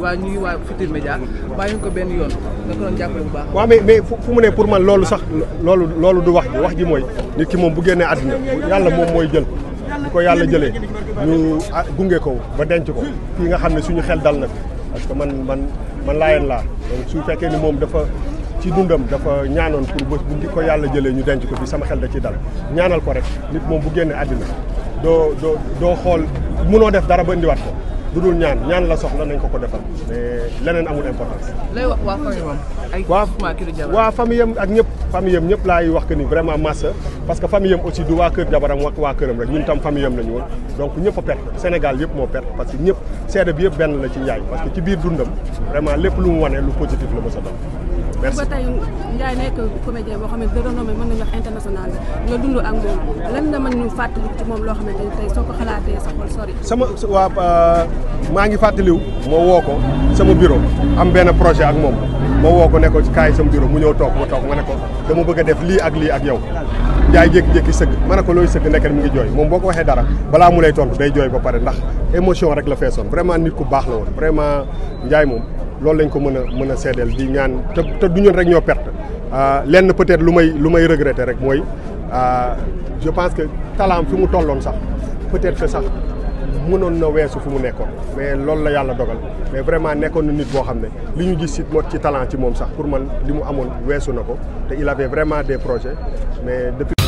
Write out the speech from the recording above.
waa ñuy waa Futurs Médias bàyyi ko benn ko doon jàppale bu baax. waaw mais mais fu mu ne pour man loolu sax loolu loolu du wax ji wax ji mooy nit ki moom bu génnee àddina yàlla moom mooy jël bu ko yàlla jëlee ñu ah, gunge ko ba denc ko fii nga xam ne suñu xel dal nag fi parce que man man man laayeen laa donc su fekkee ni moom dafa ci dundam dafa ñaanoon pour bés bu ko yàlla jëlee ñu denc ko fi sama xel da ci dal ñaanal ko rek nit moom bu génnee àddina doo doo doo xool munoo def dara ba indiwaat ko. du dul ñaan ñaan la soxla nañ ko ko defal mais leneen amul importance. lay wax waa famille ak ñëpp. famille am ñëpp laay wax que ni vraiment massa parce que famille am aussi du waa kër jabaram wax waa këram rek ñun tam famille am la ñu woon donc ñëpp a perte Sénégal yëpp moo perte parce que ñëpp seede bi yëpp benn la ci Ndiaye parce que ci biir dundam vraiment lépp lu mu wane lu positif la mos a ba tey Ndiaye nekk comédien boo xam ne sama waa euh, maa ngi fàttaliw ma woo ko sama bureau am benn projet ak moom ma woo ko ne ko kaay sama bureau mu ñëw toog ma toog ma ne ko dama bëgg a def lii ak lii ak yow jaay jékki-jékki sëgg ma ne ko looy sëgg nekkat mi ngi jooy moom boo ko waxee dara balaa mu lay tontu day jooy ba pare ndax émotion rek la feesoon vraiment nit ku baax la woon vraiment Ndiaye moom loolu lañ ko mën a mën a seedeel di ñaan te te du ñun rek ñoo perte euh, lenn peut-être lu may lu may regretter rek mooy euh, je pense que talent fi mu tolloon sax peut-être que mënoon na weesu fu mu nekkoon mais loolu la yàlla dogal mais vraiment nekkoon na nit boo xam ne li ñu gis si moom ci talent ci moom sax pour man li mu amoon weesu na ko te il avait vraiment des projets mais depuis